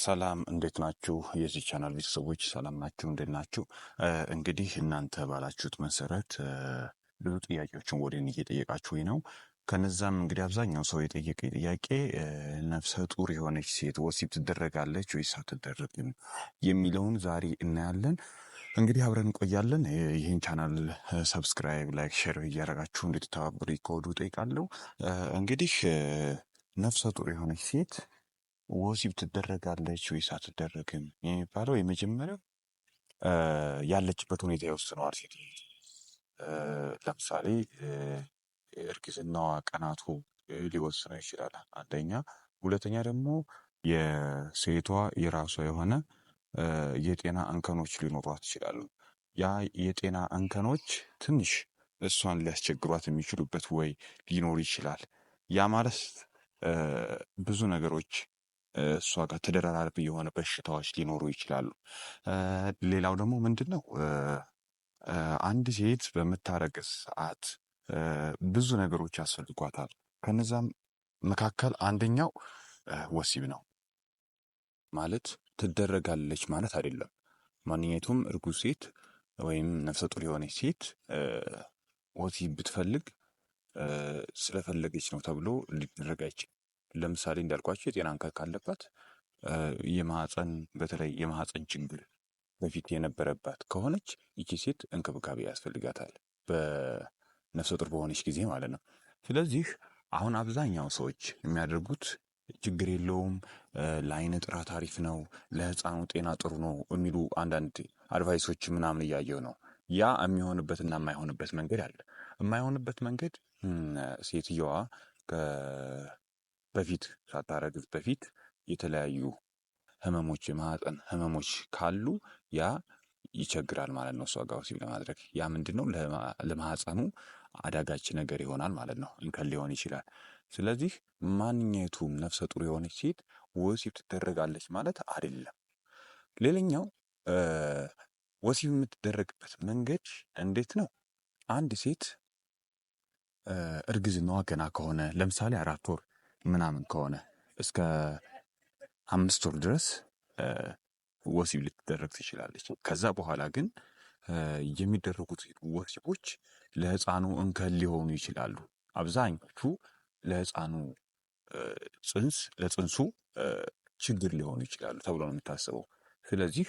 ሰላም እንዴት ናችሁ? የዚህ ቻናል ቤተሰቦች ሰላም ናችሁ? እንዴት ናችሁ? እንግዲህ እናንተ ባላችሁት መሰረት ብዙ ጥያቄዎችን ወደን እየጠየቃችሁ ነው። ከነዛም እንግዲህ አብዛኛው ሰው የጠየቀ ጥያቄ ነፍሰ ጡር የሆነች ሴት ወሲብ ትደረጋለች ወይስ አትደረግም የሚለውን ዛሬ እናያለን። እንግዲህ አብረን እንቆያለን። ይህን ቻናል ሰብስክራይብ፣ ላይክ፣ ሼር እያደረጋችሁ እንድትተባበሩ ከወዲሁ እጠይቃለሁ። እንግዲህ ነፍሰ ጡር የሆነች ሴት ወሲብ ትደረጋለች ወይስ አትደረግም የሚባለው የመጀመሪያው ያለችበት ሁኔታ ይወስነዋል። ሴት ለምሳሌ እርግዝናዋ ቀናቱ ሊወስነው ይችላል፣ አንደኛ። ሁለተኛ ደግሞ የሴቷ የራሷ የሆነ የጤና እንከኖች ሊኖሯት ይችላሉ። ያ የጤና እንከኖች ትንሽ እሷን ሊያስቸግሯት የሚችሉበት ወይ ሊኖር ይችላል። ያ ማለት ብዙ ነገሮች እሷ ጋር ተደራራቢ የሆነ በሽታዎች ሊኖሩ ይችላሉ። ሌላው ደግሞ ምንድን ነው አንድ ሴት በምታረግዝ ሰዓት ብዙ ነገሮች ያስፈልጓታል። ከነዛም መካከል አንደኛው ወሲብ ነው። ማለት ትደረጋለች ማለት አይደለም። ማንኛቱም እርጉዝ ሴት ወይም ነፍሰ ጡር የሆነች ሴት ወሲብ ብትፈልግ ስለፈለገች ነው ተብሎ ሊደረግ ለምሳሌ እንዳልኳቸው የጤና እንከን ካለባት የማህፀን በተለይ የማህፀን ችግር በፊት የነበረባት ከሆነች ይቺ ሴት እንክብካቤ ያስፈልጋታል፣ በነፍሰ ጡር በሆነች ጊዜ ማለት ነው። ስለዚህ አሁን አብዛኛው ሰዎች የሚያደርጉት ችግር የለውም፣ ለአይን ጥራት አሪፍ ነው፣ ለህፃኑ ጤና ጥሩ ነው የሚሉ አንዳንድ አድቫይሶች ምናምን እያየው ነው። ያ የሚሆንበትና የማይሆንበት መንገድ አለ። የማይሆንበት መንገድ ሴትየዋ በፊት ሳታረግዝ በፊት የተለያዩ ህመሞች የማህፀን ህመሞች ካሉ ያ ይቸግራል ማለት ነው። እሷ ጋር ወሲብ ለማድረግ ያ ምንድን ነው ለማህፀኑ አዳጋች ነገር ይሆናል ማለት ነው። እንከን ሊሆን ይችላል። ስለዚህ ማንኛቱም ነፍሰ ጡር የሆነች ሴት ወሲብ ትደረጋለች ማለት አይደለም። ሌላኛው ወሲብ የምትደረግበት መንገድ እንዴት ነው? አንድ ሴት እርግዝናዋ ገና ከሆነ ለምሳሌ አራት ወር ምናምን ከሆነ እስከ አምስት ወር ድረስ ወሲብ ልትደረግ ትችላለች። ከዛ በኋላ ግን የሚደረጉት ወሲቦች ለህፃኑ እንከን ሊሆኑ ይችላሉ። አብዛኞቹ ለህፃኑ ጽንስ ለጽንሱ ችግር ሊሆኑ ይችላሉ ተብሎ ነው የሚታሰበው። ስለዚህ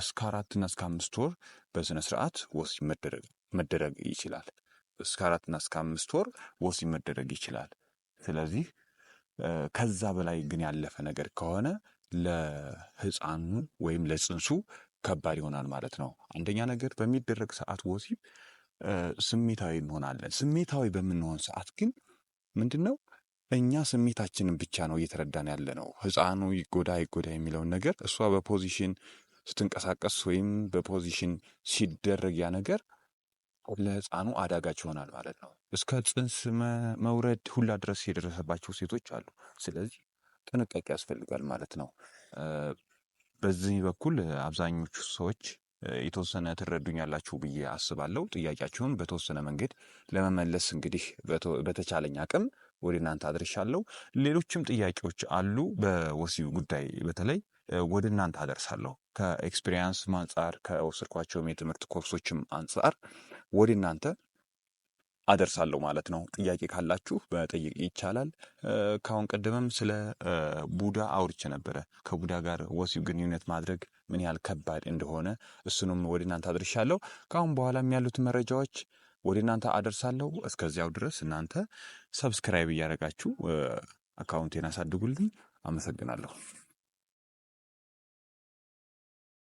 እስከ አራትና እስከ አምስት ወር በስነ ስርዓት ወሲብ መደረግ ይችላል። እስከ አራትና እስከ አምስት ወር ወሲብ መደረግ ይችላል። ስለዚህ ከዛ በላይ ግን ያለፈ ነገር ከሆነ ለህፃኑ ወይም ለጽንሱ ከባድ ይሆናል ማለት ነው። አንደኛ ነገር በሚደረግ ሰዓት ወሲብ ስሜታዊ እንሆናለን። ስሜታዊ በምንሆን ሰዓት ግን ምንድን ነው እኛ ስሜታችንን ብቻ ነው እየተረዳን ያለ ነው። ህፃኑ ይጎዳ ይጎዳ የሚለውን ነገር እሷ በፖዚሽን ስትንቀሳቀስ ወይም በፖዚሽን ሲደረግ ያ ነገር ለህፃኑ አዳጋች ይሆናል ማለት ነው። እስከ ጽንስ መውረድ ሁላ ድረስ የደረሰባቸው ሴቶች አሉ። ስለዚህ ጥንቃቄ ያስፈልጋል ማለት ነው። በዚህ በኩል አብዛኞቹ ሰዎች የተወሰነ ትረዱኛላችሁ ብዬ አስባለሁ። ጥያቄያችሁን በተወሰነ መንገድ ለመመለስ እንግዲህ በተቻለኝ አቅም ወደ እናንተ አድርሻለሁ። ሌሎችም ጥያቄዎች አሉ በወሲብ ጉዳይ በተለይ ወደ እናንተ አደርሳለሁ። ከኤክስፒሪንስ አንጻር ከወሰድኳቸውም የትምህርት ኮርሶችም አንጻር ወደ እናንተ አደርሳለሁ ማለት ነው። ጥያቄ ካላችሁ በጠይቅ ይቻላል። ከአሁን ቀደምም ስለ ቡዳ አውርቼ ነበረ። ከቡዳ ጋር ወሲብ ግንኙነት ማድረግ ምን ያህል ከባድ እንደሆነ እሱንም ወደ እናንተ አድርሻለሁ። ከአሁን በኋላም ያሉት መረጃዎች ወደ እናንተ አደርሳለሁ። እስከዚያው ድረስ እናንተ ሰብስክራይብ እያደረጋችሁ አካውንቴን አሳድጉልኝ። አመሰግናለሁ።